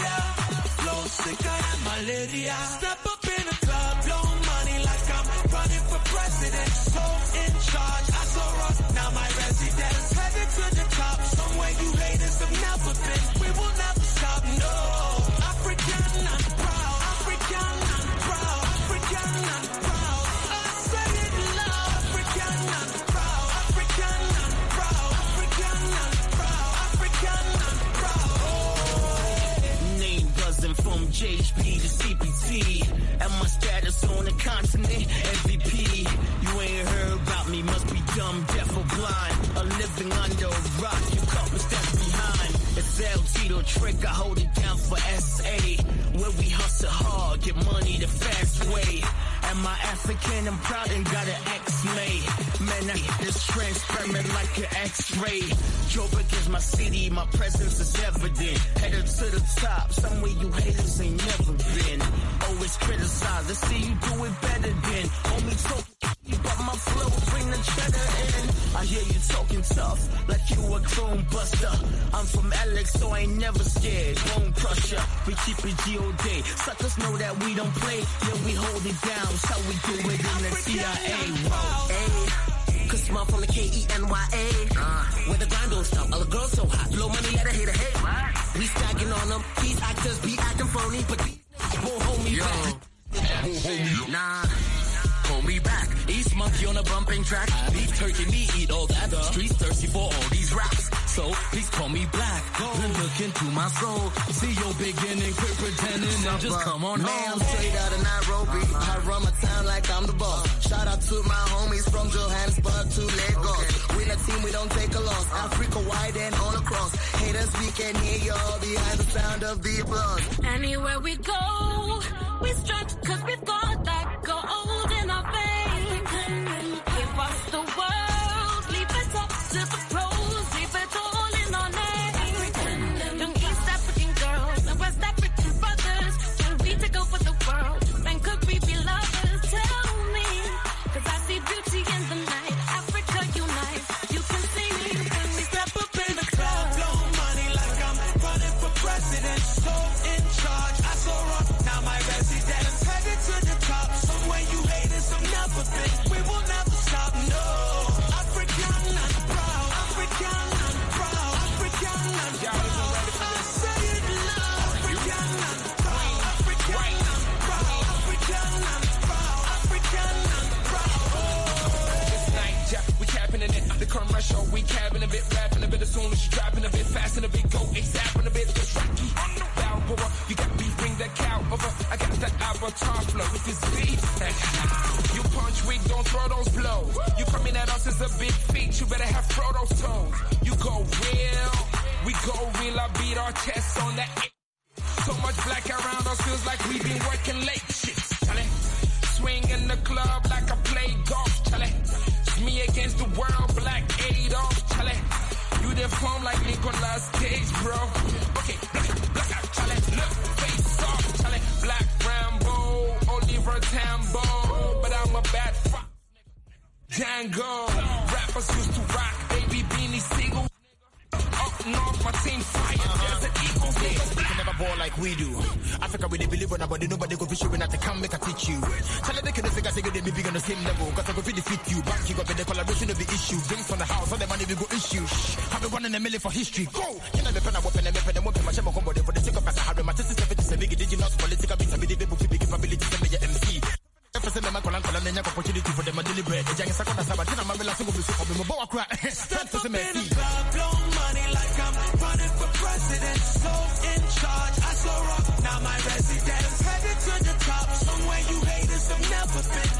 diarrhea. Flow sicker than malaria. Step up in the club, blow money like I'm running for president. So in charge, I saw rock, now my residence. Headed to the continent. MVP, you ain't heard about me. Must be dumb, deaf or blind. A living under a rock, you couple steps behind. It's LT the trick, I hold it down for SA. Where we hustle hard, get money the fast way. Am I African? I'm proud and got an X-May. Man, I, it's transparent like an X-ray. Drove a my city, my presence is evident. Headed to the top, somewhere you haters ain't never been. Always criticized, let's see you do it better than. Homie talk, but my flow bring the cheddar in. I hear you talking tough, like you a clone buster. I'm from Alex, so I ain't never scared. will crusher, we keep it G.O.D. Suckers know that we don't play, yeah we hold it down. That's how we do it in the CIA. Whoa, hey. Cause smile from the K-E-N-Y-A. Uh, where the grind don't stop. All the girls so hot. Blow money, let a hate her hate. What? We stacking on them. These actors be acting phony, but these won't hold me Yo. back. Won't hold me. Nah. Hold me back. East monkey on a bumping track. Beef turkey, me eat all that. Streets thirsty for all these raps so please call me black. Then look into my soul. See your beginning, quit pretending, now just come on home. I'm straight out of Nairobi. I run my town like I'm the boss. Shout out to my homies from Johannesburg to Lagos. We're a team, we don't take a loss. Uh. Africa wide and all across. Haters, we can hear y'all behind the sound of the applause. Anywhere we go, we stretch cause we've got that soon as you driving a bit fast and a bit go ASAP and a bit just rocky. Balboa, you got me bring that cow over. I got that avatar flow with this beat. you punch weak, don't throw those blows. You coming at us as a big feat, you better have throw those toes. You go real, we go real. I beat our chests on that. So much black around us feels like we've been working late. Shit, chale. Swing in the club like I play golf, chale. It's me against the world, black eight off, chale their form like Nicolas Cage, bro. Okay, black, black out, chale, look, face off, chale, black Rambo, Oliver Tambo, but I'm a bad fuck. Django. Rappers used to rock, baby beanie single. Up north, my team fire, uh -huh. You can never ball like we do. Africa, we they believe on nobody, nobody go fish you when I come make I teach you. Tell them they can figure they be big on the same level. Cause I go defeat you. Back you up in the collaboration of the issue. Drinks on the house, all the money we go issue. Shh. Have been running in a million for history. Go! You know the pen I weapon and weapon and weapon my shaman combo for the sake of us. I have my test is seven to seven. Did you not political beats? I be the people to be capability to be your MC. Stand up in the club, blow confidence, so in charge. I saw rock, now my residence. Headed to the top, somewhere you haters have never been.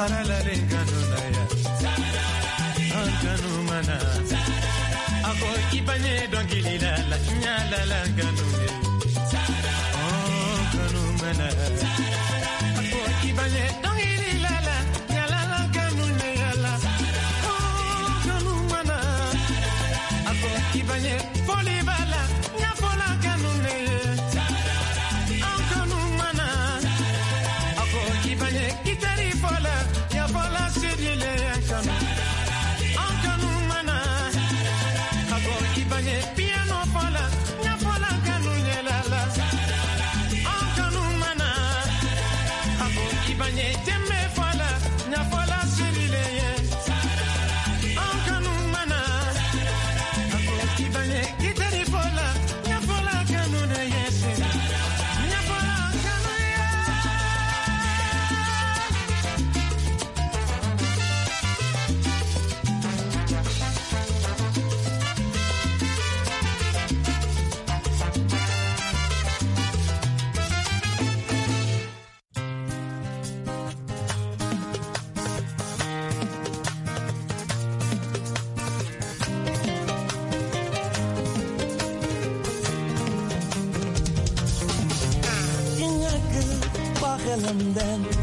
saralare ganunaya ankanu mana ako ibanye la la nyala la mana ako ibanye then.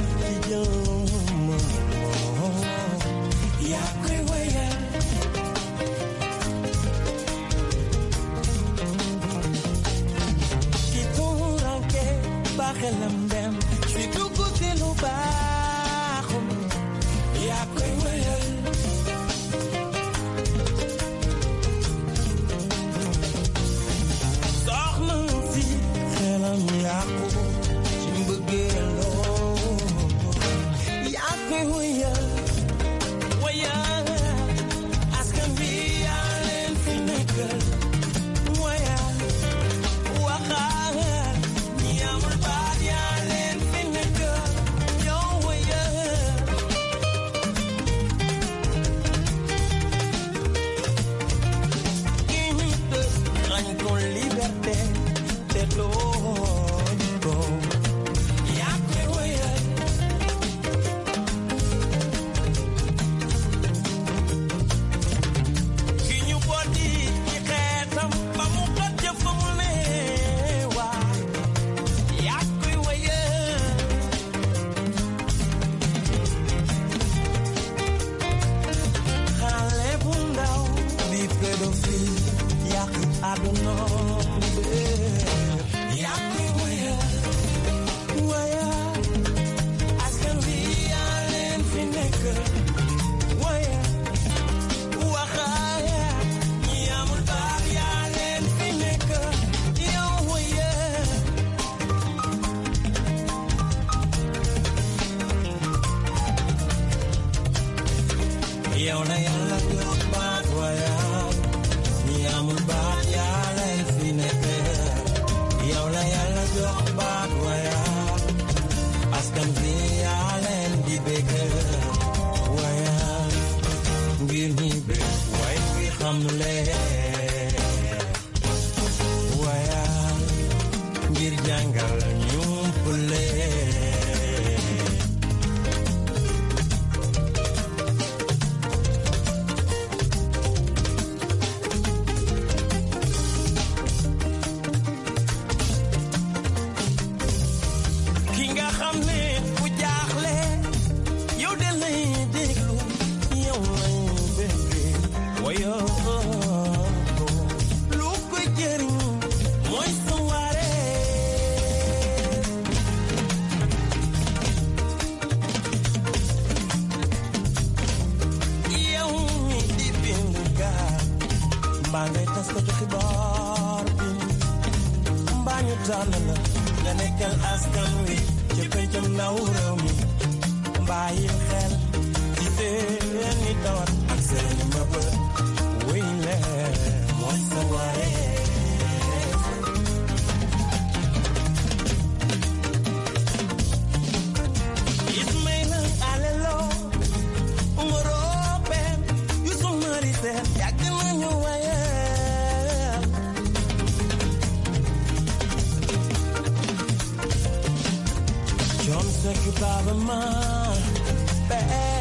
Zaki Baba Ma.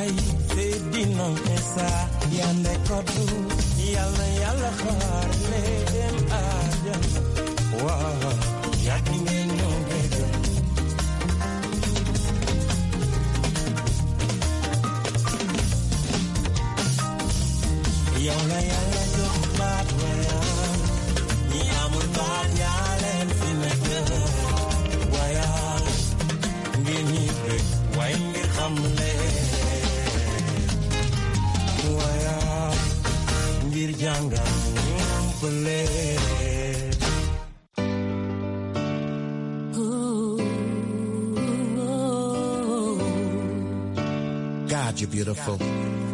ay te dina esa yande kodu yalla yalla xaar le dem ajan wa yaki ngeen ñoo gëjëm yow la yàlla jox baat wayaan ñi amul baat yaa leen fi nekk wayaan ngeen ñi bëgg waaye ngir xam leen God, you're beautiful. God.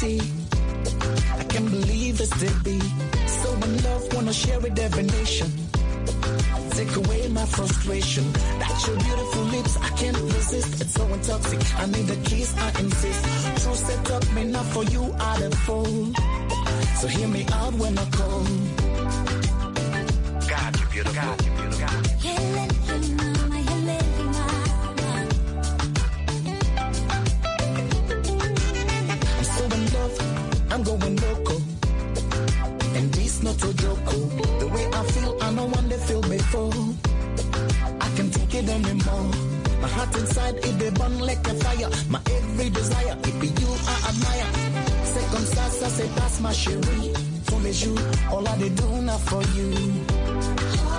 see. I can't believe this to be. So in love, wanna share with every nation. Take away my frustration. That's your beautiful lips, I can't resist. It's so intoxicating. I need a kiss, I insist. True set up, me not for you, I don't fall. So hear me out when I call. God, you beautiful. God, you beautiful. my cherie. For me, you, all I did do now for you.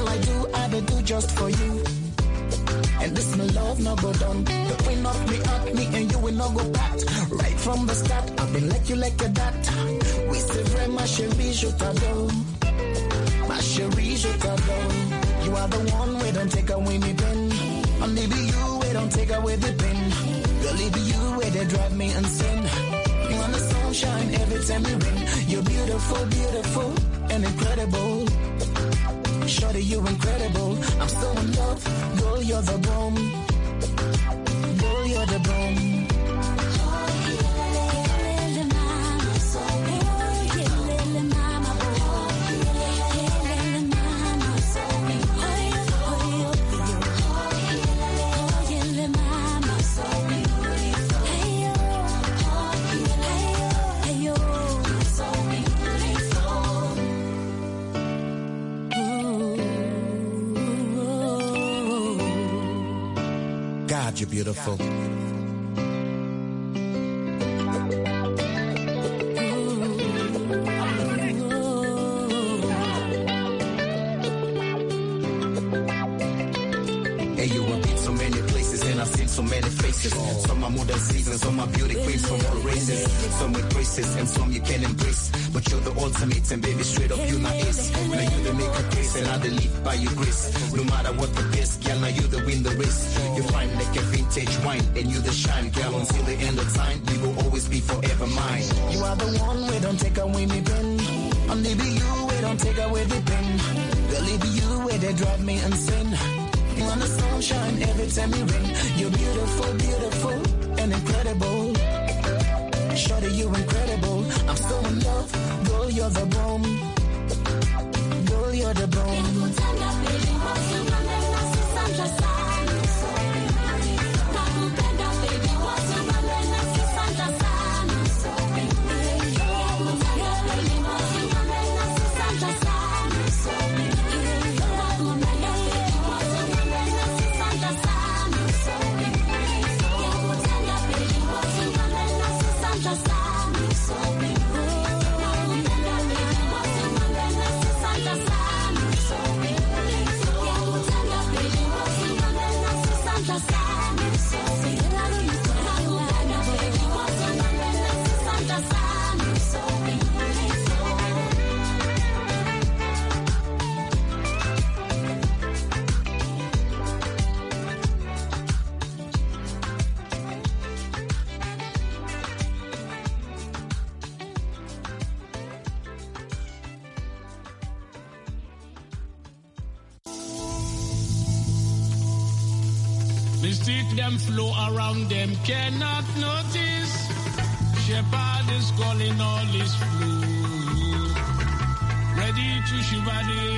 all I do, I be do just for you. And this my love no go done. The queen of me up, me and you will not go back. Right from the start, I've been like you like a dat. We say my much je t'adore. My chérie, je t'adore. You are the one we don't take away me pain. Only be you we don't take away the pain. Girl, it be you where they drive me insane. You want the sunshine every time you rain. You're beautiful, beautiful, and incredible. Shorty, you incredible. I'm so in love. Girl, you're the bomb. Girl, you're the bomb. you're beautiful. All the seasons. Some my beauty queens from all races. Some with braces and some you can embrace. But you're the ultimate and baby, straight up you my ace. Now you the make a grace and I the by your grace. No matter what the best, girl, now you the win the race. You fine like a vintage wine and you the shine, girl. Until the end of time, you will always be forever mine. You are the one, we don't take away me pen. I'm you, we don't take away the pen. They'll leave you where they drive me insane. You the sunshine every time you rain. You're beautiful, beautiful. I'm incredible. Shorty, you incredible. I'm so in love. Girl, you're the bomb. Girl, you're the bomb. them cannot notice. Shepherd is calling all his flock, ready to shiver the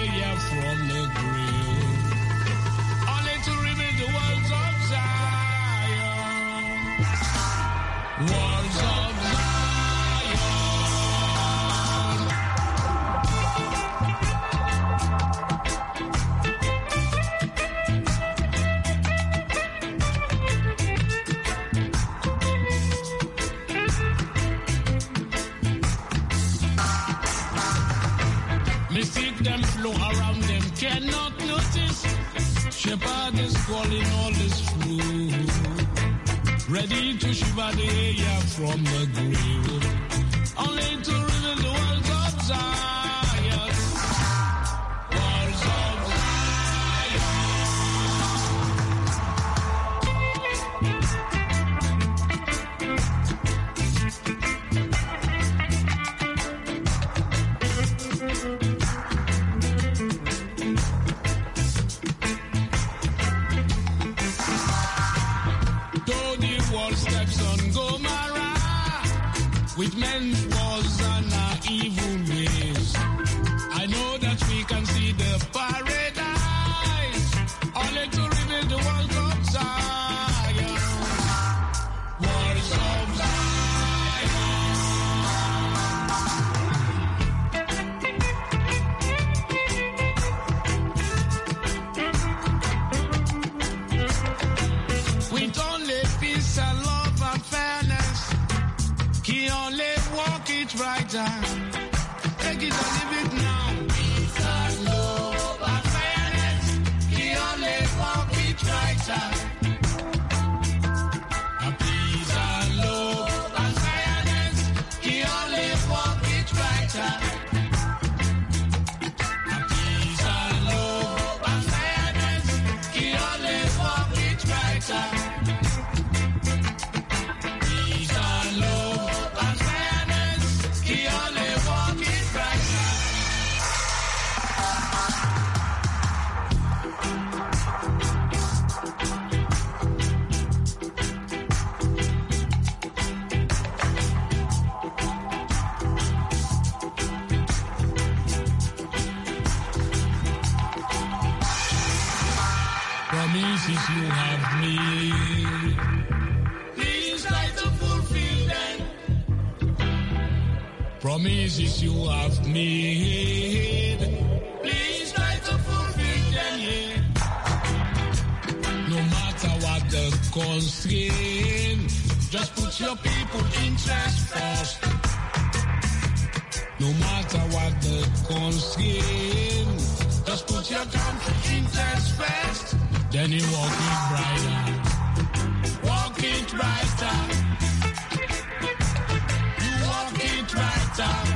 equal Just put your people interest first. No matter what the constraint, just put your country interest first. Then you walk it brighter, walk it brighter, you walk it brighter.